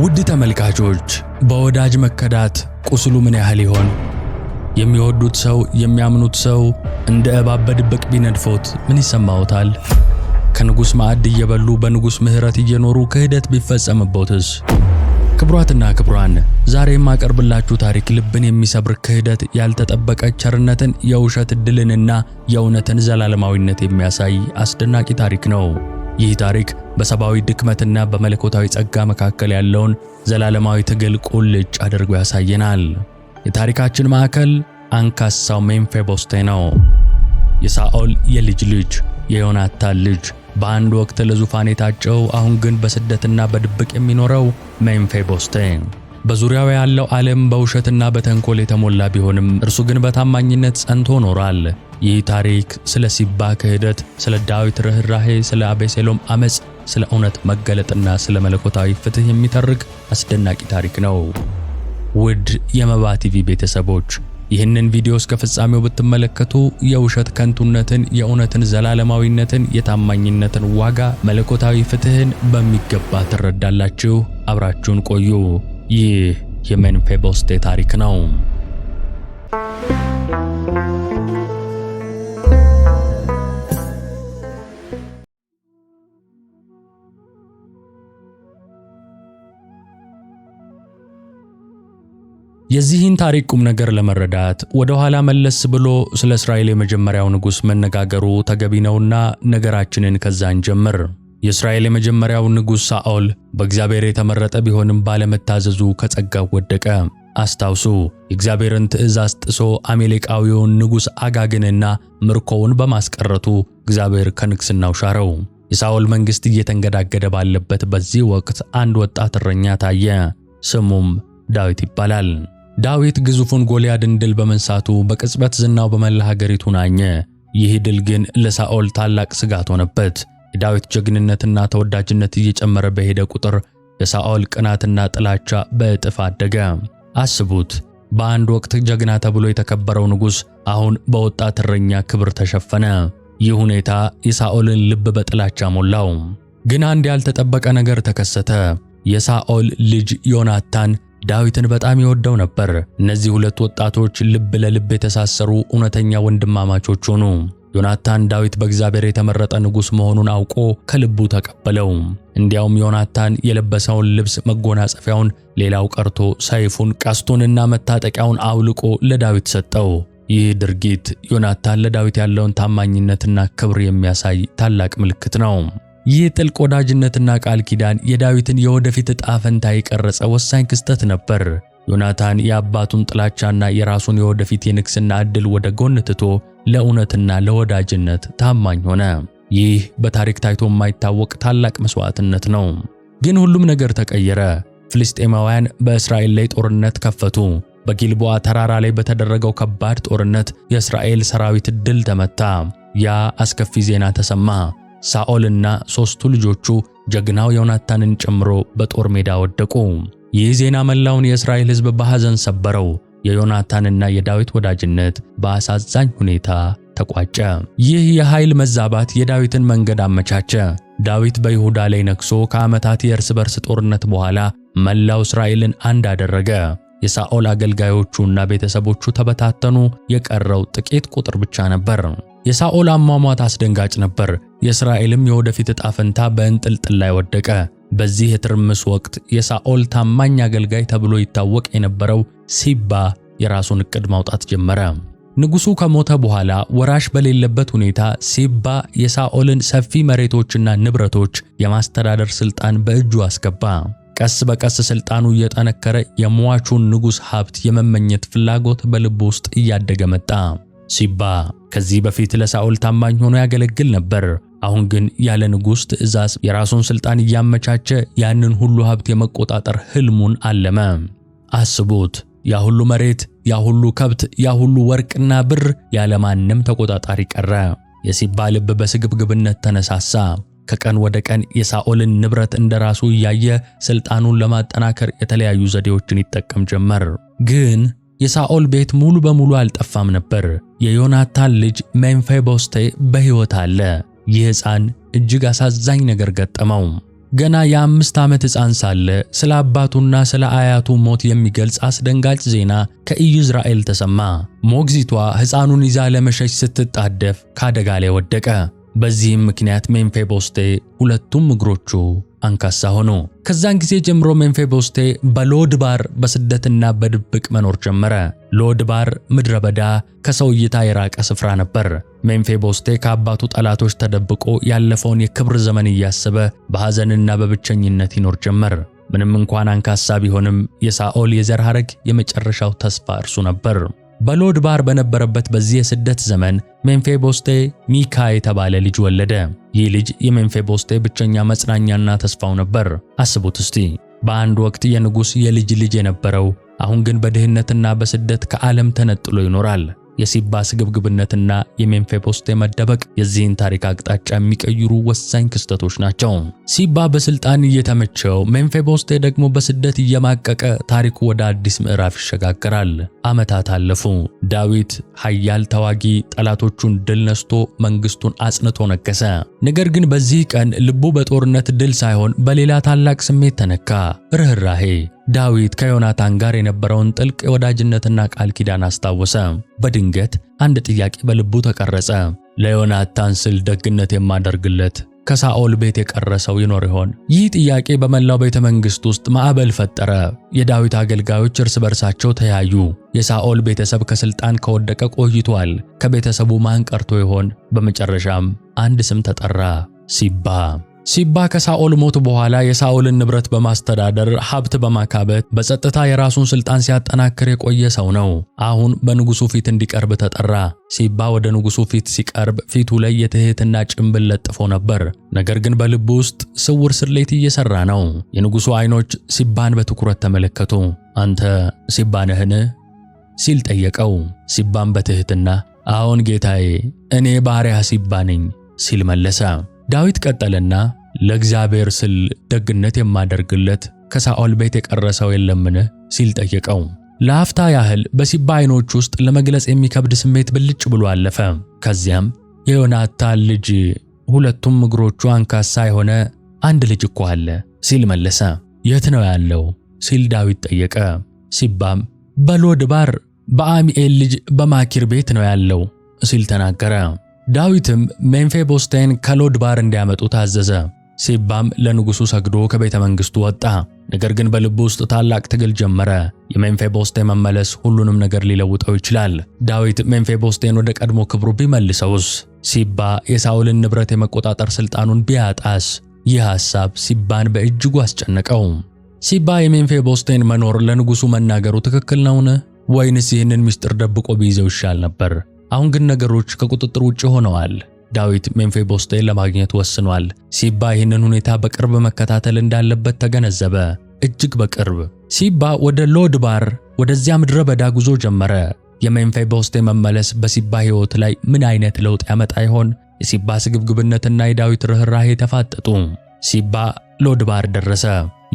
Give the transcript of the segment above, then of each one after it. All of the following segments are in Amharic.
ውድ ተመልካቾች በወዳጅ መከዳት ቁስሉ ምን ያህል ይሆን? የሚወዱት ሰው የሚያምኑት ሰው እንደ እባብ በድብቅ ቢነድፎት ምን ይሰማዎታል? ከንጉሥ ማዕድ እየበሉ በንጉሥ ምሕረት እየኖሩ ክህደት ቢፈጸምቦትስ? ክብሯትና ክብሯን ዛሬ የማቀርብላችሁ ታሪክ ልብን የሚሰብር ክህደት፣ ያልተጠበቀ ቸርነትን፣ የውሸት ድልንና የእውነትን ዘላለማዊነት የሚያሳይ አስደናቂ ታሪክ ነው። ይህ ታሪክ በሰብአዊ ድክመትና በመለኮታዊ ጸጋ መካከል ያለውን ዘላለማዊ ትግል ቁልጭ አድርጎ ያሳየናል። የታሪካችን ማዕከል አንካሳው ሜምፊቦስቴ ነው። የሳኦል የልጅ ልጅ የዮናታን ልጅ በአንድ ወቅት ለዙፋን የታጨው አሁን ግን በስደትና በድብቅ የሚኖረው ሜምፊቦስቴ በዙሪያው ያለው ዓለም በውሸትና በተንኮል የተሞላ ቢሆንም እርሱ ግን በታማኝነት ጸንቶ ኖሯል። ይህ ታሪክ ስለ ሲባ ክህደት፣ ስለ ዳዊት ርኅራሄ፣ ስለ አቤሴሎም አመፅ፣ ስለ እውነት መገለጥና ስለ መለኮታዊ ፍትሕ የሚተርክ አስደናቂ ታሪክ ነው። ውድ የመባ ቲቪ ቤተሰቦች ይህንን ቪዲዮ እስከ ፍጻሜው ብትመለከቱ የውሸት ከንቱነትን፣ የእውነትን ዘላለማዊነትን፣ የታማኝነትን ዋጋ፣ መለኮታዊ ፍትህን በሚገባ ትረዳላችሁ። አብራችሁን ቆዩ። ይህ የመንፌቦስቴ ታሪክ ነው። የዚህን ታሪክ ቁም ነገር ለመረዳት ወደ ኋላ መለስ ብሎ ስለ እስራኤል የመጀመሪያው ንጉሥ መነጋገሩ ተገቢ ነውና ነገራችንን ከዛን ጀምር። የእስራኤል የመጀመሪያው ንጉሥ ሳኦል በእግዚአብሔር የተመረጠ ቢሆንም ባለመታዘዙ ከጸጋው ወደቀ። አስታውሱ፣ የእግዚአብሔርን ትእዛዝ ጥሶ አሜሌቃዊውን ንጉሥ አጋግንና ምርኮውን በማስቀረቱ እግዚአብሔር ከንግሥናው ሻረው። የሳኦል መንግሥት እየተንገዳገደ ባለበት በዚህ ወቅት አንድ ወጣት እረኛ ታየ። ስሙም ዳዊት ይባላል። ዳዊት ግዙፉን ጎልያድን ድል በመንሳቱ በቅጽበት ዝናው በመላ ሀገሪቱ ናኘ። ይህ ድል ግን ለሳኦል ታላቅ ስጋት ሆነበት። የዳዊት ጀግንነትና ተወዳጅነት እየጨመረ በሄደ ቁጥር የሳኦል ቅናትና ጥላቻ በእጥፍ አደገ። አስቡት፣ በአንድ ወቅት ጀግና ተብሎ የተከበረው ንጉሥ አሁን በወጣት እረኛ ክብር ተሸፈነ። ይህ ሁኔታ የሳኦልን ልብ በጥላቻ ሞላው። ግን አንድ ያልተጠበቀ ነገር ተከሰተ። የሳኦል ልጅ ዮናታን ዳዊትን በጣም ይወደው ነበር። እነዚህ ሁለት ወጣቶች ልብ ለልብ የተሳሰሩ እውነተኛ ወንድማማቾች ሆኑ። ዮናታን ዳዊት በእግዚአብሔር የተመረጠ ንጉሥ መሆኑን አውቆ ከልቡ ተቀበለው። እንዲያውም ዮናታን የለበሰውን ልብስ መጎናጸፊያውን፣ ሌላው ቀርቶ ሰይፉን፣ ቀስቱንና መታጠቂያውን አውልቆ ለዳዊት ሰጠው። ይህ ድርጊት ዮናታን ለዳዊት ያለውን ታማኝነትና ክብር የሚያሳይ ታላቅ ምልክት ነው። ይህ ጥልቅ ወዳጅነትና ቃል ኪዳን የዳዊትን የወደፊት ዕጣ ፈንታ የቀረጸ ወሳኝ ክስተት ነበር። ዮናታን የአባቱን ጥላቻና የራሱን የወደፊት የንግሥና ዕድል ወደ ጎን ትቶ ለእውነትና ለወዳጅነት ታማኝ ሆነ። ይህ በታሪክ ታይቶ የማይታወቅ ታላቅ መስዋዕትነት ነው። ግን ሁሉም ነገር ተቀየረ። ፍልስጤማውያን በእስራኤል ላይ ጦርነት ከፈቱ። በጊልቦዓ ተራራ ላይ በተደረገው ከባድ ጦርነት የእስራኤል ሰራዊት ድል ተመታ። ያ አስከፊ ዜና ተሰማ። ሳኦልና ሦስቱ ልጆቹ ጀግናው ዮናታንን ጨምሮ በጦር ሜዳ ወደቁ። ይህ ዜና መላውን የእስራኤል ሕዝብ በሐዘን ሰበረው። የዮናታንና የዳዊት ወዳጅነት በአሳዛኝ ሁኔታ ተቋጨ። ይህ የኃይል መዛባት የዳዊትን መንገድ አመቻቸ። ዳዊት በይሁዳ ላይ ነግሶ ከዓመታት የእርስ በርስ ጦርነት በኋላ መላው እስራኤልን አንድ አደረገ። የሳኦል አገልጋዮቹና ቤተሰቦቹ ተበታተኑ። የቀረው ጥቂት ቁጥር ብቻ ነበር። የሳኦል አሟሟት አስደንጋጭ ነበር። የእስራኤልም የወደፊት ዕጣ ፈንታ በእንጥልጥል ላይ ወደቀ። በዚህ የትርምስ ወቅት የሳኦል ታማኝ አገልጋይ ተብሎ ይታወቅ የነበረው ሲባ የራሱን እቅድ ማውጣት ጀመረ። ንጉሡ ከሞተ በኋላ ወራሽ በሌለበት ሁኔታ ሲባ የሳኦልን ሰፊ መሬቶችና ንብረቶች የማስተዳደር ሥልጣን በእጁ አስገባ። ቀስ በቀስ ሥልጣኑ እየጠነከረ የሟቹን ንጉሥ ሀብት የመመኘት ፍላጎት በልብ ውስጥ እያደገ መጣ። ሲባ ከዚህ በፊት ለሳኦል ታማኝ ሆኖ ያገለግል ነበር። አሁን ግን ያለ ንጉሥ ትእዛዝ የራሱን ሥልጣን እያመቻቸ ያንን ሁሉ ሀብት የመቆጣጠር ሕልሙን አለመ። አስቡት፣ ያ ሁሉ መሬት፣ ያ ሁሉ ከብት፣ ያ ሁሉ ወርቅና ብር ያለማንም ተቆጣጣሪ ቀረ። የሲባ ልብ በስግብግብነት ተነሳሳ። ከቀን ወደ ቀን የሳኦልን ንብረት እንደራሱ እያየ ሥልጣኑን ለማጠናከር የተለያዩ ዘዴዎችን ይጠቀም ጀመር። ግን የሳኦል ቤት ሙሉ በሙሉ አልጠፋም ነበር። የዮናታን ልጅ ሜምፊቦስቴ በሕይወት አለ። ይህ ሕፃን እጅግ አሳዛኝ ነገር ገጠመው። ገና የአምስት ዓመት ሕፃን ሳለ ስለ አባቱና ስለ አያቱ ሞት የሚገልጽ አስደንጋጭ ዜና ከኢይዝራኤል ተሰማ። ሞግዚቷ ሕፃኑን ይዛ ለመሸሽ ስትጣደፍ ከአደጋ ላይ ወደቀ። በዚህም ምክንያት ሜምፊቦስቴ ሁለቱም እግሮቹ አንካሳ ሆኑ። ከዛን ጊዜ ጀምሮ ሜምፊቦስቴ በሎድባር በስደትና በድብቅ መኖር ጀመረ። ሎድባር ምድረ በዳ ከሰው እይታ የራቀ ስፍራ ነበር። ሜምፊቦስቴ ከአባቱ ጠላቶች ተደብቆ ያለፈውን የክብር ዘመን እያሰበ በሐዘንና በብቸኝነት ይኖር ጀመር። ምንም እንኳን አንካሳ ቢሆንም የሳኦል የዘር ሐረግ የመጨረሻው ተስፋ እርሱ ነበር። በሎድባር በነበረበት በዚህ የስደት ዘመን ሜምፊቦስቴ ሚካ የተባለ ልጅ ወለደ። ይህ ልጅ የሜምፊቦስቴ ብቸኛ መጽናኛና ተስፋው ነበር። አስቡት እስቲ በአንድ ወቅት የንጉሥ የልጅ ልጅ የነበረው አሁን ግን በድህነትና በስደት ከዓለም ተነጥሎ ይኖራል። የሲባስ ግብግብነትና የሜምፊቦስቴ መደበቅ የዚህን ታሪክ አቅጣጫ የሚቀይሩ ወሳኝ ክስተቶች ናቸው። ሲባ በስልጣን እየተመቸው፣ ሜምፊቦስቴ ደግሞ በስደት እየማቀቀ ታሪኩ ወደ አዲስ ምዕራፍ ይሸጋገራል። ዓመታት አለፉ። ዳዊት ኃያል ተዋጊ፣ ጠላቶቹን ድል ነስቶ መንግስቱን አጽንቶ ነገሰ። ነገር ግን በዚህ ቀን ልቡ በጦርነት ድል ሳይሆን በሌላ ታላቅ ስሜት ተነካ፣ ርኅራሄ ዳዊት ከዮናታን ጋር የነበረውን ጥልቅ የወዳጅነትና ቃል ኪዳን አስታወሰ። በድንገት አንድ ጥያቄ በልቡ ተቀረጸ። ለዮናታን ስል ደግነት የማደርግለት ከሳኦል ቤት የቀረ ሰው ይኖር ይሆን? ይህ ጥያቄ በመላው ቤተ መንግሥት ውስጥ ማዕበል ፈጠረ። የዳዊት አገልጋዮች እርስ በርሳቸው ተያዩ። የሳኦል ቤተሰብ ከስልጣን ከወደቀ ቆይቷል። ከቤተሰቡ ማን ቀርቶ ይሆን? በመጨረሻም አንድ ስም ተጠራ፣ ሲባ። ሲባ ከሳኦል ሞት በኋላ የሳኦልን ንብረት በማስተዳደር ሀብት በማካበት በጸጥታ የራሱን ስልጣን ሲያጠናክር የቆየ ሰው ነው። አሁን በንጉሱ ፊት እንዲቀርብ ተጠራ። ሲባ ወደ ንጉሱ ፊት ሲቀርብ ፊቱ ላይ የትህትና ጭንብል ለጥፎ ነበር። ነገር ግን በልቡ ውስጥ ስውር ስሌት እየሰራ ነው። የንጉሱ አይኖች ሲባን በትኩረት ተመለከቱ። አንተ ሲባ ነህን? ሲል ጠየቀው። ሲባን በትህትና አዎን ጌታዬ፣ እኔ ባሪያ ሲባ ነኝ ሲል መለሰ። ዳዊት ቀጠለና ለእግዚአብሔር ስል ደግነት የማደርግለት ከሳኦል ቤት የቀረ ሰው የለምን ሲል ጠየቀው። ለአፍታ ያህል በሲባ ዓይኖች ውስጥ ለመግለጽ የሚከብድ ስሜት ብልጭ ብሎ አለፈ። ከዚያም የዮናታን ልጅ ሁለቱም እግሮቹ አንካሳ የሆነ አንድ ልጅ እኮ አለ ሲል መለሰ። የት ነው ያለው ሲል ዳዊት ጠየቀ። ሲባም በሎድባር በአሚኤል ልጅ በማኪር ቤት ነው ያለው ሲል ተናገረ። ዳዊትም ሜምፊቦስቴን ከሎድባር እንዲያመጡ ታዘዘ። ሲባም ለንጉሡ ሰግዶ ከቤተ መንግሥቱ ወጣ። ነገር ግን በልቡ ውስጥ ታላቅ ትግል ጀመረ። የሜምፊቦስቴ መመለስ ሁሉንም ነገር ሊለውጠው ይችላል። ዳዊት ሜምፊቦስቴን ወደ ቀድሞ ክብሩ ቢመልሰውስ? ሲባ የሳውልን ንብረት የመቆጣጠር ሥልጣኑን ቢያጣስ? ይህ ሐሳብ ሲባን በእጅጉ አስጨነቀው። ሲባ የሜምፊቦስቴን መኖር ለንጉሡ መናገሩ ትክክል ነውን? ወይንስ ይህንን ምስጢር ደብቆ ቢይዘው ይሻል ነበር? አሁን ግን ነገሮች ከቁጥጥር ውጭ ሆነዋል። ዳዊት ሜምፊቦስቴን ለማግኘት ወስኗል ሲባ ይህንን ሁኔታ በቅርብ መከታተል እንዳለበት ተገነዘበ። እጅግ በቅርብ ሲባ ወደ ሎድባር ወደዚያ ምድረ በዳ ጉዞ ጀመረ። የሜምፊቦስቴ መመለስ በሲባ ሕይወት ላይ ምን አይነት ለውጥ ያመጣ ይሆን? የሲባ ስግብግብነትና የዳዊት ርህራሄ ተፋጠጡ። ሲባ ሎድባር ደረሰ።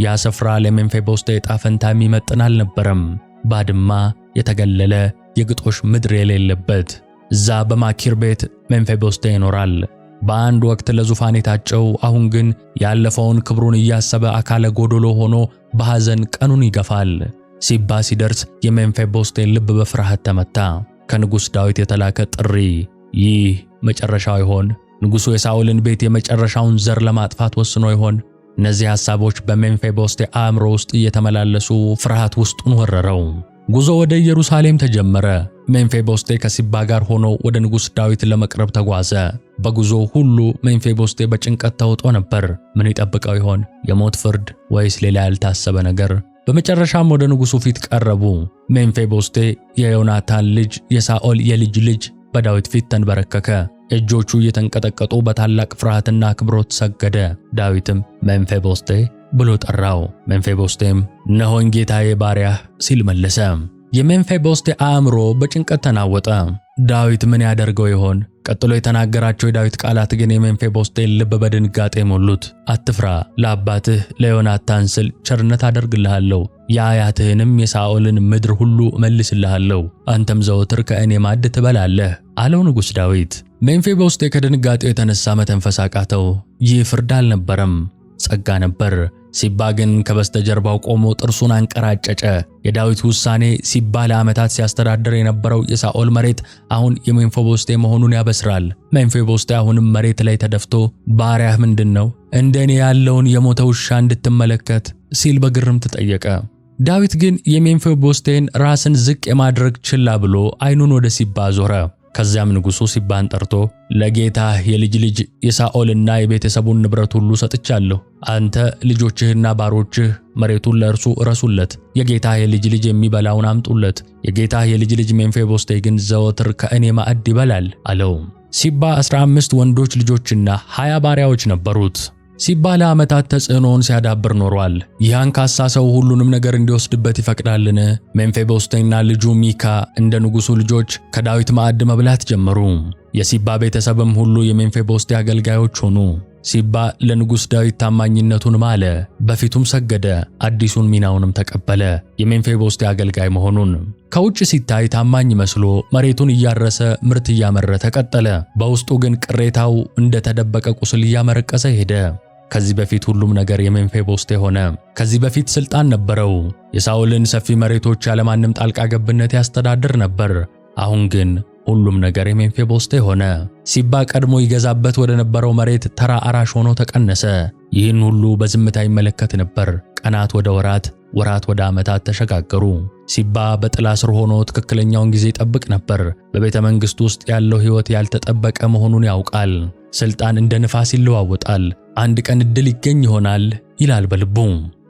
ያ ስፍራ ለሜምፊቦስቴ ዕጣ ፈንታ የሚመጥን አልነበረም። ባድማ፣ የተገለለ የግጦሽ ምድር የሌለበት እዛ በማኪር ቤት ሜምፊቦስቴ ይኖራል። በአንድ ወቅት ለዙፋን የታጨው አሁን ግን ያለፈውን ክብሩን እያሰበ አካለ ጎዶሎ ሆኖ በሐዘን ቀኑን ይገፋል። ሲባ ሲደርስ የሜምፊቦስቴ ልብ በፍርሃት ተመታ። ከንጉሥ ዳዊት የተላከ ጥሪ፣ ይህ መጨረሻው ይሆን? ንጉሡ የሳኦልን ቤት የመጨረሻውን ዘር ለማጥፋት ወስኖ ይሆን? እነዚህ ሐሳቦች በሜምፊቦስቴ አእምሮ ውስጥ እየተመላለሱ ፍርሃት ውስጡን ወረረው። ጉዞ ወደ ኢየሩሳሌም ተጀመረ። ሜምፊቦስቴ ከሲባ ጋር ሆኖ ወደ ንጉሥ ዳዊት ለመቅረብ ተጓዘ። በጉዞ ሁሉ ሜምፊቦስቴ በጭንቀት ተውጦ ነበር። ምን ይጠብቀው ይሆን? የሞት ፍርድ ወይስ ሌላ ያልታሰበ ነገር? በመጨረሻም ወደ ንጉሡ ፊት ቀረቡ። ሜምፊቦስቴ የዮናታን ልጅ የሳኦል የልጅ ልጅ በዳዊት ፊት ተንበረከከ። እጆቹ እየተንቀጠቀጡ በታላቅ ፍርሃትና አክብሮት ሰገደ። ዳዊትም ሜምፊቦስቴ ብሎ ጠራው። ሜምፊቦስቴም እነሆኝ ጌታዬ ባሪያህ ሲል መለሰ። የሜምፊቦስቴ አእምሮ በጭንቀት ተናወጠ። ዳዊት ምን ያደርገው ይሆን? ቀጥሎ የተናገራቸው የዳዊት ቃላት ግን የሜምፊቦስቴን ልብ በድንጋጤ ሞሉት። አትፍራ፣ ለአባትህ ለዮናታን ስል ቸርነት አደርግልሃለሁ፣ የአያትህንም የሳኦልን ምድር ሁሉ እመልስልሃለሁ፣ አንተም ዘወትር ከእኔ ማድ ትበላለህ አለው ንጉሥ ዳዊት። ሜምፊቦስቴ ከድንጋጤው የተነሳ መተንፈስ አቃተው። ይህ ፍርድ አልነበረም፣ ጸጋ ነበር። ሲባ ግን ከበስተጀርባው ቆሞ ጥርሱን አንቀራጨጨ። የዳዊት ውሳኔ ሲባ ለዓመታት ሲያስተዳድር የነበረው የሳኦል መሬት አሁን የሜምፊቦስቴ መሆኑን ያበስራል። ሜምፊቦስቴ አሁንም መሬት ላይ ተደፍቶ ባሪያህ ምንድን ነው እንደ እኔ ያለውን የሞተ ውሻ እንድትመለከት ሲል በግርምት ጠየቀ። ዳዊት ግን የሜምፊቦስቴን ራስን ዝቅ የማድረግ ችላ ብሎ አይኑን ወደ ሲባ ዞረ። ከዚያም ንጉሡ ሲባን ጠርቶ ለጌታህ የልጅ ልጅ የሳኦልና የቤተሰቡን ንብረት ሁሉ ሰጥቻለሁ አንተ ልጆችህና ባሮችህ መሬቱን ለእርሱ እረሱለት፣ የጌታህ የልጅ ልጅ የሚበላውን አምጡለት፣ የጌታህ የልጅ ልጅ ሜምፊቦስቴ ግን ዘወትር ከእኔ ማዕድ ይበላል አለው። ሲባ 15 ወንዶች ልጆችና 20 ባሪያዎች ነበሩት። ሲባ ለዓመታት ተጽዕኖውን ሲያዳብር ኖሯል። ይህ አንካሳ ሰው ሁሉንም ነገር እንዲወስድበት ይፈቅዳልን? ሜምፊቦስቴና ልጁ ሚካ እንደ ንጉሡ ልጆች ከዳዊት ማዕድ መብላት ጀመሩ። የሲባ ቤተሰብም ሁሉ የሜምፊቦስቴ አገልጋዮች ሆኑ። ሲባ ለንጉሥ ዳዊት ታማኝነቱን ማለ፣ በፊቱም ሰገደ፣ አዲሱን ሚናውንም ተቀበለ የሜምፊቦስቴ አገልጋይ መሆኑን። ከውጭ ሲታይ ታማኝ መስሎ መሬቱን እያረሰ ምርት እያመረተ ቀጠለ። በውስጡ ግን ቅሬታው እንደተደበቀ ቁስል እያመረቀሰ ሄደ። ከዚህ በፊት ሁሉም ነገር የሜምፊቦስቴ ሆነ። ከዚህ በፊት ስልጣን ነበረው። የሳኦልን ሰፊ መሬቶች ያለማንም ጣልቃ ገብነት ያስተዳድር ነበር። አሁን ግን ሁሉም ነገር የሜምፊቦስቴ ሆነ። ሲባ ቀድሞ ይገዛበት ወደ ነበረው መሬት ተራ አራሽ ሆኖ ተቀነሰ። ይህን ሁሉ በዝምታ ይመለከት ነበር። ቀናት ወደ ወራት፣ ወራት ወደ ዓመታት ተሸጋገሩ። ሲባ በጥላ ስር ሆኖ ትክክለኛውን ጊዜ ይጠብቅ ነበር። በቤተ መንግሥት ውስጥ ያለው ሕይወት ያልተጠበቀ መሆኑን ያውቃል። ሥልጣን እንደ ንፋስ ይለዋወጣል። አንድ ቀን ዕድል ይገኝ ይሆናል ይላል በልቡ።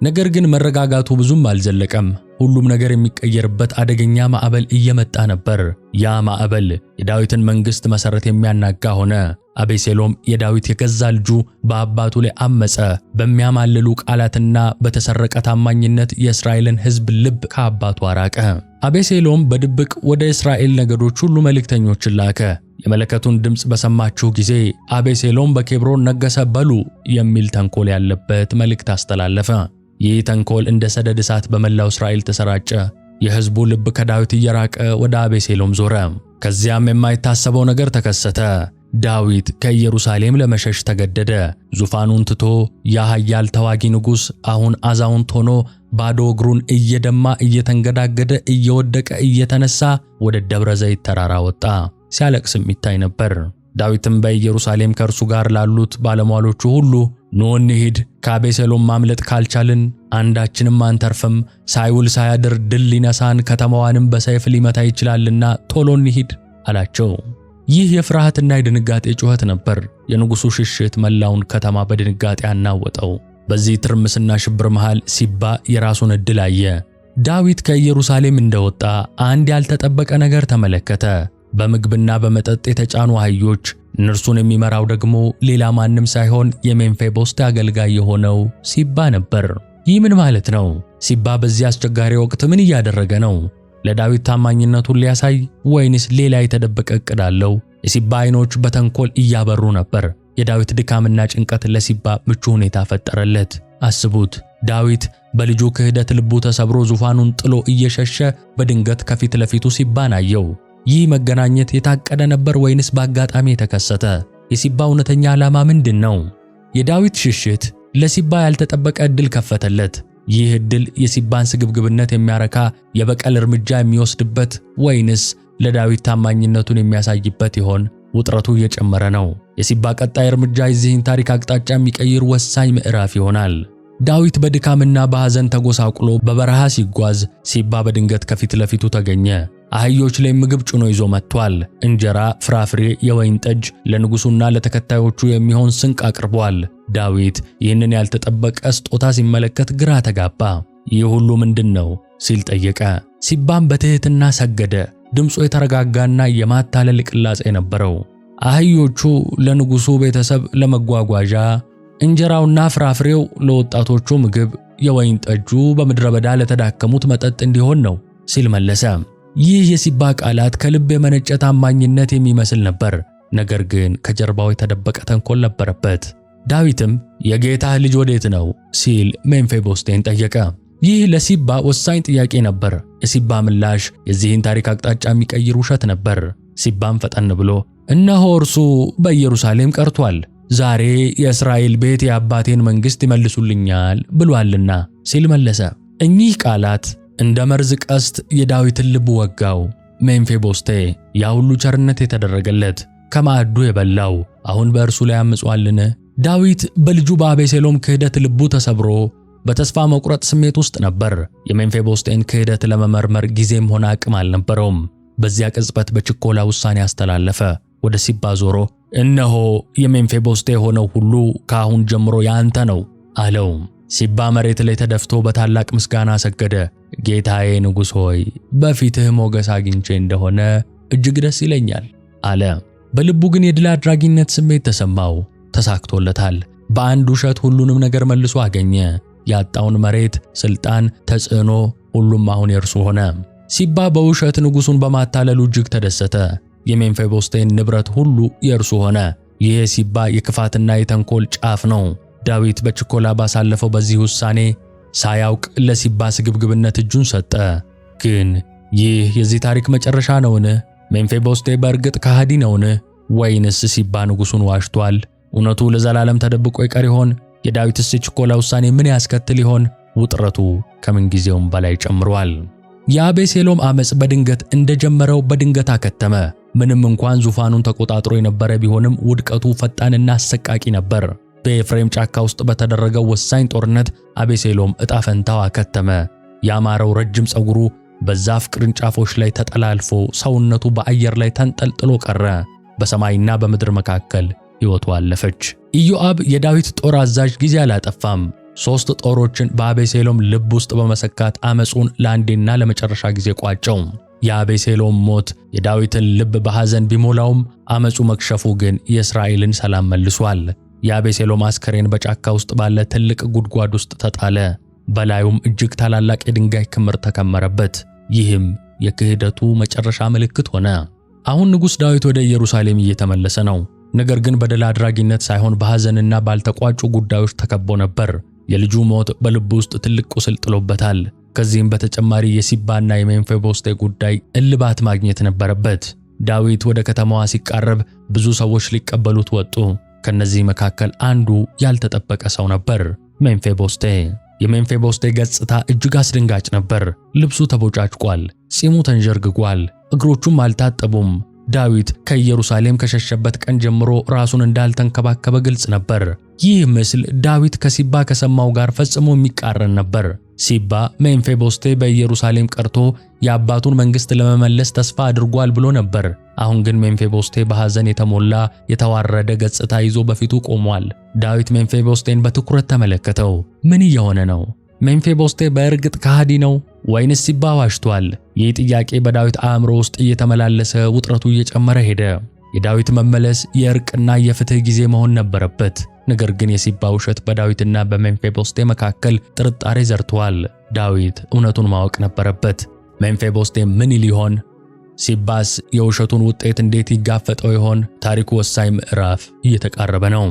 ነገር ግን መረጋጋቱ ብዙም አልዘለቀም። ሁሉም ነገር የሚቀየርበት አደገኛ ማዕበል እየመጣ ነበር። ያ ማዕበል የዳዊትን መንግሥት መሠረት የሚያናጋ ሆነ። አቤሴሎም የዳዊት የገዛ ልጁ በአባቱ ላይ አመፀ። በሚያማልሉ ቃላትና በተሰረቀ ታማኝነት የእስራኤልን ሕዝብ ልብ ከአባቱ አራቀ። አቤሴሎም በድብቅ ወደ እስራኤል ነገዶች ሁሉ መልእክተኞችን ላከ። የመለከቱን ድምፅ በሰማችሁ ጊዜ አቤሴሎም በኬብሮን ነገሰ በሉ የሚል ተንኮል ያለበት መልእክት አስተላለፈ። ይህ ተንኮል እንደ ሰደድ እሳት በመላው እስራኤል ተሰራጨ። የሕዝቡ ልብ ከዳዊት እየራቀ ወደ አቤሴሎም ዞረ። ከዚያም የማይታሰበው ነገር ተከሰተ። ዳዊት ከኢየሩሳሌም ለመሸሽ ተገደደ። ዙፋኑን ትቶ ያ ኃያል ተዋጊ ንጉሥ አሁን አዛውንት ሆኖ ባዶ እግሩን እየደማ እየተንገዳገደ እየወደቀ እየተነሳ ወደ ደብረ ዘይት ተራራ ወጣ። ሲያለቅስም ይታይ ነበር። ዳዊትም በኢየሩሳሌም ከእርሱ ጋር ላሉት ባለሟሎቹ ሁሉ ኑ እንሂድ፣ ከአቤሴሎም ማምለጥ ካልቻልን አንዳችንም አንተርፍም፣ ሳይውል ሳያድር ድል ሊነሳን ከተማዋንም በሰይፍ ሊመታ ይችላልና ቶሎ እንሂድ አላቸው። ይህ የፍርሃትና የድንጋጤ ጩኸት ነበር። የንጉሡ ሽሽት መላውን ከተማ በድንጋጤ አናወጠው። በዚህ ትርምስና ሽብር መሃል ሲባ የራሱን ዕድል አየ። ዳዊት ከኢየሩሳሌም እንደወጣ አንድ ያልተጠበቀ ነገር ተመለከተ። በምግብና በመጠጥ የተጫኑ አህዮች፣ እነርሱን የሚመራው ደግሞ ሌላ ማንም ሳይሆን የሜምፊቦስቴ አገልጋይ የሆነው ሲባ ነበር። ይህ ምን ማለት ነው? ሲባ በዚህ አስቸጋሪ ወቅት ምን እያደረገ ነው? ለዳዊት ታማኝነቱን ሊያሳይ ወይንስ ሌላ የተደበቀ እቅድ አለው? የሲባ አይኖች በተንኮል እያበሩ ነበር። የዳዊት ድካምና ጭንቀት ለሲባ ምቹ ሁኔታ ፈጠረለት። አስቡት፣ ዳዊት በልጁ ክህደት ልቡ ተሰብሮ ዙፋኑን ጥሎ እየሸሸ በድንገት ከፊት ለፊቱ ሲባን አየው። ይህ መገናኘት የታቀደ ነበር ወይንስ በአጋጣሚ የተከሰተ? የሲባ እውነተኛ ዓላማ ምንድን ነው? የዳዊት ሽሽት ለሲባ ያልተጠበቀ ዕድል ከፈተለት። ይህ ዕድል የሲባን ስግብግብነት የሚያረካ የበቀል እርምጃ የሚወስድበት ወይንስ ለዳዊት ታማኝነቱን የሚያሳይበት ይሆን? ውጥረቱ እየጨመረ ነው። የሲባ ቀጣይ እርምጃ የዚህን ታሪክ አቅጣጫ የሚቀይር ወሳኝ ምዕራፍ ይሆናል። ዳዊት በድካምና በሐዘን ተጎሳቁሎ በበረሃ ሲጓዝ፣ ሲባ በድንገት ከፊት ለፊቱ ተገኘ። አህዮች ላይ ምግብ ጭኖ ይዞ መጥቷል። እንጀራ፣ ፍራፍሬ፣ የወይን ጠጅ፣ ለንጉሱና ለተከታዮቹ የሚሆን ስንቅ አቅርቧል። ዳዊት ይህንን ያልተጠበቀ ስጦታ ሲመለከት ግራ ተጋባ። ይህ ሁሉ ምንድን ነው ሲል ጠየቀ። ሲባም በትሕትና ሰገደ። ድምፁ የተረጋጋና የማታለል ቅላጼ ነበረው። አህዮቹ ለንጉሱ ቤተሰብ ለመጓጓዣ፣ እንጀራውና ፍራፍሬው ለወጣቶቹ ምግብ፣ የወይን ጠጁ በምድረ በዳ ለተዳከሙት መጠጥ እንዲሆን ነው ሲል መለሰ። ይህ የሲባ ቃላት ከልብ የመነጨ ታማኝነት የሚመስል ነበር፣ ነገር ግን ከጀርባው የተደበቀ ተንኮል ነበረበት። ዳዊትም የጌታህ ልጅ ወዴት ነው ሲል ሜምፊቦስቴን ጠየቀ። ይህ ለሲባ ወሳኝ ጥያቄ ነበር። የሲባ ምላሽ የዚህን ታሪክ አቅጣጫ የሚቀይር ውሸት ነበር። ሲባም ፈጠን ብሎ እነሆ እርሱ በኢየሩሳሌም ቀርቷል፣ ዛሬ የእስራኤል ቤት የአባቴን መንግሥት ይመልሱልኛል ብሏልና ሲል መለሰ። እኚህ ቃላት እንደ መርዝ ቀስት የዳዊትን ልብ ወጋው። ሜምፊቦስቴ ያ ሁሉ ቸርነት የተደረገለት ከማዕዱ የበላው አሁን በእርሱ ላይ አምጿልን? ዳዊት በልጁ በአቤሴሎም ክህደት ልቡ ተሰብሮ በተስፋ መቁረጥ ስሜት ውስጥ ነበር። የሜምፊቦስቴን ክህደት ለመመርመር ጊዜም ሆነ አቅም አልነበረውም። በዚያ ቅጽበት በችኮላ ውሳኔ አስተላለፈ። ወደ ሲባ ዞሮ እነሆ የሜምፊቦስቴ የሆነው ሁሉ ከአሁን ጀምሮ ያንተ ነው አለው። ሲባ መሬት ላይ ተደፍቶ በታላቅ ምስጋና ሰገደ። ጌታዬ ንጉሥ ሆይ በፊትህ ሞገስ አግኝቼ እንደሆነ እጅግ ደስ ይለኛል አለ። በልቡ ግን የድል አድራጊነት ስሜት ተሰማው። ተሳክቶለታል። በአንድ ውሸት ሁሉንም ነገር መልሶ አገኘ። ያጣውን መሬት፣ ስልጣን፣ ተጽዕኖ ሁሉም አሁን የእርሱ ሆነ። ሲባ በውሸት ንጉሡን በማታለሉ እጅግ ተደሰተ። የሜምፊቦስቴን ንብረት ሁሉ የእርሱ ሆነ። ይህ ሲባ የክፋትና የተንኮል ጫፍ ነው። ዳዊት በችኮላ ባሳለፈው በዚህ ውሳኔ ሳያውቅ ለሲባስ ግብግብነት እጁን ሰጠ። ግን ይህ የዚህ ታሪክ መጨረሻ ነውን? ሜምፊቦስቴ በእርግጥ ከሃዲ ነውን? ወይንስ ሲባ ንጉሡን ዋሽቷል? እውነቱ ለዘላለም ተደብቆ ይቀር ይሆን? የዳዊትስ የችኮላ ውሳኔ ምን ያስከትል ይሆን? ውጥረቱ ከምንጊዜውም በላይ ጨምሯል። የአቤሴሎም ዓመፅ በድንገት እንደጀመረው በድንገት አከተመ። ምንም እንኳን ዙፋኑን ተቆጣጥሮ የነበረ ቢሆንም ውድቀቱ ፈጣንና አሰቃቂ ነበር። በኤፍሬም ጫካ ውስጥ በተደረገው ወሳኝ ጦርነት አቤሴሎም ዕጣ ፈንታው አከተመ። ያማረው ረጅም ፀጉሩ በዛፍ ቅርንጫፎች ላይ ተጠላልፎ ሰውነቱ በአየር ላይ ተንጠልጥሎ ቀረ። በሰማይና በምድር መካከል ሕይወቱ አለፈች። ኢዮአብ የዳዊት ጦር አዛዥ ጊዜ አላጠፋም። ሦስት ጦሮችን በአቤሴሎም ልብ ውስጥ በመሰካት ዓመፁን ለአንዴና ለመጨረሻ ጊዜ ቋጨው። የአቤሴሎም ሞት የዳዊትን ልብ በሐዘን ቢሞላውም ዓመፁ መክሸፉ ግን የእስራኤልን ሰላም መልሷል። የአቤሴሎም አስከሬን በጫካ ውስጥ ባለ ትልቅ ጉድጓድ ውስጥ ተጣለ። በላዩም እጅግ ታላላቅ የድንጋይ ክምር ተከመረበት። ይህም የክህደቱ መጨረሻ ምልክት ሆነ። አሁን ንጉሥ ዳዊት ወደ ኢየሩሳሌም እየተመለሰ ነው። ነገር ግን በደል አድራጊነት ሳይሆን በሐዘንና ባልተቋጩ ጉዳዮች ተከቦ ነበር። የልጁ ሞት በልቡ ውስጥ ትልቅ ቁስል ጥሎበታል። ከዚህም በተጨማሪ የሲባና የሜምፊቦስቴ ጉዳይ እልባት ማግኘት ነበረበት። ዳዊት ወደ ከተማዋ ሲቃረብ ብዙ ሰዎች ሊቀበሉት ወጡ። ከነዚህ መካከል አንዱ ያልተጠበቀ ሰው ነበር፣ ሜምፊቦስቴ። የሜምፊቦስቴ ገጽታ እጅግ አስደንጋጭ ነበር። ልብሱ ተቦጫጭቋል፣ ጺሙ ተንዠርግጓል፣ እግሮቹም አልታጠቡም። ዳዊት ከኢየሩሳሌም ከሸሸበት ቀን ጀምሮ ራሱን እንዳልተንከባከበ ግልጽ ነበር። ይህ ምስል ዳዊት ከሲባ ከሰማው ጋር ፈጽሞ የሚቃረን ነበር። ሲባ ሜንፌቦስቴ በኢየሩሳሌም ቀርቶ የአባቱን መንግሥት ለመመለስ ተስፋ አድርጓል ብሎ ነበር። አሁን ግን ሜንፌቦስቴ በሐዘን የተሞላ የተዋረደ ገጽታ ይዞ በፊቱ ቆሟል። ዳዊት ሜንፌቦስቴን በትኩረት ተመለከተው። ምን እየሆነ ነው? ሜንፌቦስቴ በእርግጥ ከሃዲ ነው ወይንስ ሲባ ዋሽቷል? ይህ ጥያቄ በዳዊት አእምሮ ውስጥ እየተመላለሰ ውጥረቱ እየጨመረ ሄደ። የዳዊት መመለስ የእርቅና የፍትሕ ጊዜ መሆን ነበረበት። ነገር ግን የሲባ ውሸት በዳዊትና በሜምፊቦስቴ መካከል ጥርጣሬ ዘርቷል። ዳዊት እውነቱን ማወቅ ነበረበት። ሜምፊቦስቴ ምን ይል ይሆን? ሲባስ የውሸቱን ውጤት እንዴት ይጋፈጠው ይሆን? ታሪኩ ወሳኝ ምዕራፍ እየተቃረበ ነው።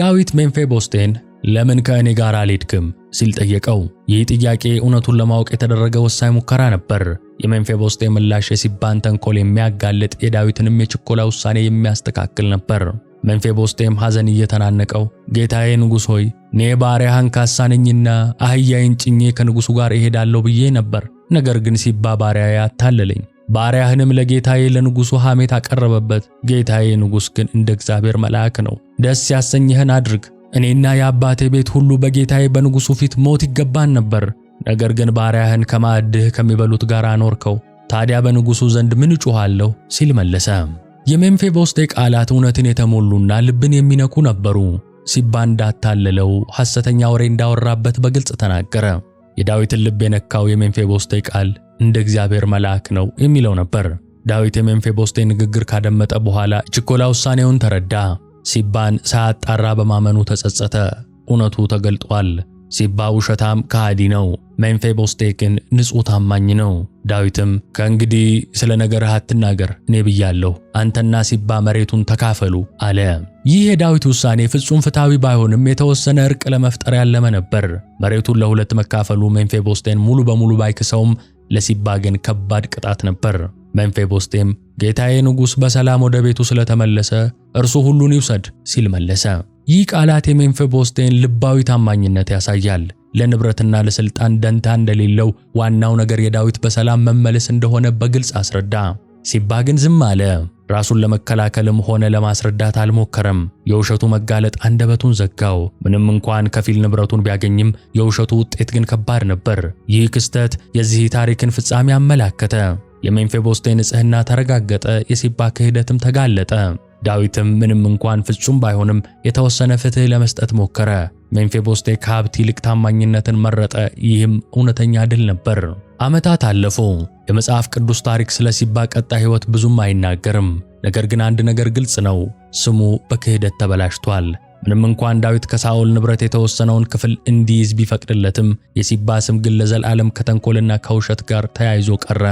ዳዊት ሜምፊቦስቴን ለምን ከእኔ ጋር አልሄድክም ሲል ጠየቀው። ይህ ጥያቄ እውነቱን ለማወቅ የተደረገ ወሳኝ ሙከራ ነበር። የሜምፊቦስቴ ምላሽ የሲባን ተንኮል የሚያጋልጥ የዳዊትንም የችኮላ ውሳኔ የሚያስተካክል ነበር። መንፌቦስቴም ሐዘን እየተናነቀው ጌታዬ ንጉሥ ሆይ እኔ ባሪያህን ካሳነኝና አህያይን አህያዬን ጭኜ ከንጉሡ ጋር እሄዳለሁ ብዬ ነበር። ነገር ግን ሲባ ባሪያዬ አታለለኝ። ባሪያህንም ለጌታዬ ለንጉሡ ሐሜት አቀረበበት። ጌታዬ ንጉሥ ግን እንደ እግዚአብሔር መልአክ ነው። ደስ ያሰኘህን አድርግ። እኔና የአባቴ ቤት ሁሉ በጌታዬ በንጉሡ ፊት ሞት ይገባን ነበር። ነገር ግን ባሪያህን ከማዕድህ ከሚበሉት ጋር አኖርከው። ታዲያ በንጉሡ ዘንድ ምን እጩኋለሁ? ሲል መለሰም። የሜምፊቦስቴ ቃላት እውነትን የተሞሉና ልብን የሚነኩ ነበሩ። ሲባ እንዳታለለው ሐሰተኛ ወሬ እንዳወራበት በግልጽ ተናገረ። የዳዊትን ልብ የነካው የሜምፊቦስቴ ቃል እንደ እግዚአብሔር መልአክ ነው የሚለው ነበር። ዳዊት የሜምፊቦስቴ ንግግር ካደመጠ በኋላ ችኮላ ውሳኔውን ተረዳ። ሲባን ሳያጣራ በማመኑ ተጸጸተ። እውነቱ ተገልጧል። ሲባ ውሸታም ከሃዲ ነው፣ ሜምፊቦስቴ ግን ንጹሕ ታማኝ ነው። ዳዊትም ከእንግዲህ ስለ ነገርህ አትናገር፣ እኔ ብያለሁ፣ አንተና ሲባ መሬቱን ተካፈሉ አለ። ይህ የዳዊት ውሳኔ ፍጹም ፍትሐዊ ባይሆንም የተወሰነ እርቅ ለመፍጠር ያለመ ነበር። መሬቱን ለሁለት መካፈሉ ሜምፊቦስቴን ሙሉ በሙሉ ባይክሰውም ለሲባ ግን ከባድ ቅጣት ነበር። ሜምፊቦስቴም ጌታዬ ንጉሥ በሰላም ወደ ቤቱ ስለተመለሰ እርሱ ሁሉን ይውሰድ ሲል መለሰ። ይህ ቃላት የሜምፊቦስቴን ልባዊ ታማኝነት ያሳያል። ለንብረትና ለስልጣን ደንታ እንደሌለው፣ ዋናው ነገር የዳዊት በሰላም መመለስ እንደሆነ በግልጽ አስረዳ። ሲባ ግን ዝም አለ። ራሱን ለመከላከልም ሆነ ለማስረዳት አልሞከረም። የውሸቱ መጋለጥ አንደበቱን ዘጋው። ምንም እንኳን ከፊል ንብረቱን ቢያገኝም የውሸቱ ውጤት ግን ከባድ ነበር። ይህ ክስተት የዚህ ታሪክን ፍጻሜ አመላከተ። የሜምፊቦስቴ ንጽህና ተረጋገጠ፣ የሲባ ክህደትም ተጋለጠ። ዳዊትም ምንም እንኳን ፍጹም ባይሆንም የተወሰነ ፍትህ ለመስጠት ሞከረ። ሜምፊቦስቴ ከሀብት ይልቅ ታማኝነትን መረጠ። ይህም እውነተኛ ድል ነበር። ዓመታት አለፉ። የመጽሐፍ ቅዱስ ታሪክ ስለ ሲባ ቀጣይ ሕይወት ብዙም አይናገርም። ነገር ግን አንድ ነገር ግልጽ ነው፤ ስሙ በክህደት ተበላሽቷል። ምንም እንኳን ዳዊት ከሳኦል ንብረት የተወሰነውን ክፍል እንዲይዝ ቢፈቅድለትም የሲባ ስም ግን ለዘላለም ከተንኮልና ከውሸት ጋር ተያይዞ ቀረ።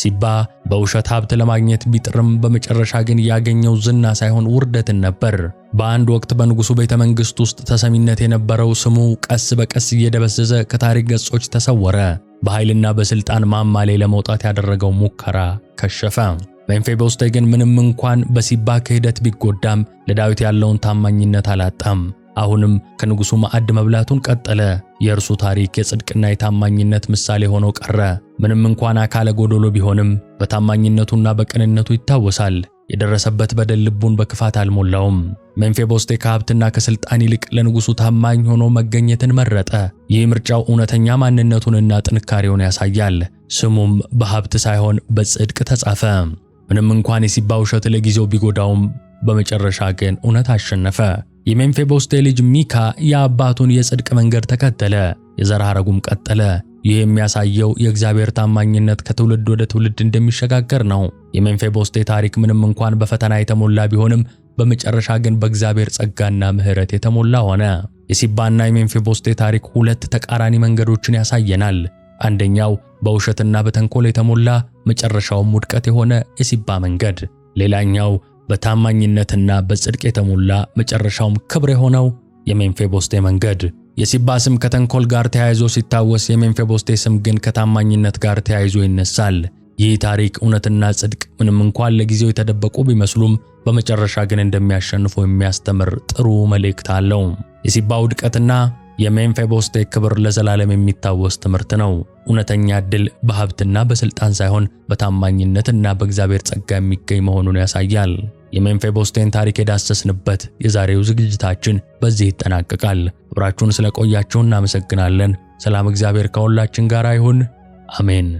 ሲባ በውሸት ሀብት ለማግኘት ቢጥርም በመጨረሻ ግን ያገኘው ዝና ሳይሆን ውርደትን ነበር። በአንድ ወቅት በንጉሱ ቤተ መንግስት ውስጥ ተሰሚነት የነበረው ስሙ ቀስ በቀስ እየደበዘዘ ከታሪክ ገጾች ተሰወረ። በኃይልና በሥልጣን ማማ ላይ ለመውጣት ያደረገው ሙከራ ከሸፈ። በኤምፊቦስቴ ግን ምንም እንኳን በሲባ ክህደት ቢጎዳም ለዳዊት ያለውን ታማኝነት አላጣም። አሁንም ከንጉሱ ማዕድ መብላቱን ቀጠለ። የእርሱ ታሪክ የጽድቅና የታማኝነት ምሳሌ ሆኖ ቀረ። ምንም እንኳን አካለ ጎዶሎ ቢሆንም በታማኝነቱና በቅንነቱ ይታወሳል። የደረሰበት በደል ልቡን በክፋት አልሞላውም። ሜምፊቦስቴ ከሀብትና ከስልጣን ይልቅ ለንጉሱ ታማኝ ሆኖ መገኘትን መረጠ። ይህ ምርጫው እውነተኛ ማንነቱንና ጥንካሬውን ያሳያል። ስሙም በሀብት ሳይሆን በጽድቅ ተጻፈ። ምንም እንኳን የሲባ ውሸት ለጊዜው ቢጎዳውም በመጨረሻ ግን እውነት አሸነፈ። የሜምፊቦስቴ ልጅ ሚካ የአባቱን የጽድቅ መንገድ ተከተለ፣ የዘር ሐረጉም ቀጠለ። ይህ የሚያሳየው የእግዚአብሔር ታማኝነት ከትውልድ ወደ ትውልድ እንደሚሸጋገር ነው። የሜምፊቦስቴ ታሪክ ምንም እንኳን በፈተና የተሞላ ቢሆንም በመጨረሻ ግን በእግዚአብሔር ጸጋና ምሕረት የተሞላ ሆነ። የሲባና የሜምፊቦስቴ ታሪክ ሁለት ተቃራኒ መንገዶችን ያሳየናል። አንደኛው በውሸትና በተንኮል የተሞላ መጨረሻውም ውድቀት የሆነ የሲባ መንገድ፣ ሌላኛው በታማኝነትና በጽድቅ የተሞላ መጨረሻውም ክብር የሆነው የሜምፊቦስቴ መንገድ። የሲባ ስም ከተንኮል ጋር ተያይዞ ሲታወስ፣ የሜምፊቦስቴ ስም ግን ከታማኝነት ጋር ተያይዞ ይነሳል። ይህ ታሪክ እውነትና ጽድቅ ምንም እንኳን ለጊዜው የተደበቁ ቢመስሉም በመጨረሻ ግን እንደሚያሸንፉ የሚያስተምር ጥሩ መልእክት አለው። የሲባ ውድቀትና የሜምፊቦስቴ ክብር ለዘላለም የሚታወስ ትምህርት ነው። እውነተኛ ዕድል በሀብትና በስልጣን ሳይሆን በታማኝነትና በእግዚአብሔር ጸጋ የሚገኝ መሆኑን ያሳያል። የሜንፌቦስቴን ታሪክ የዳሰስንበት የዛሬው ዝግጅታችን በዚህ ይጠናቀቃል። አብራችሁን ስለቆያችሁ እናመሰግናለን። ሰላም፣ እግዚአብሔር ከሁላችን ጋር ይሁን። አሜን።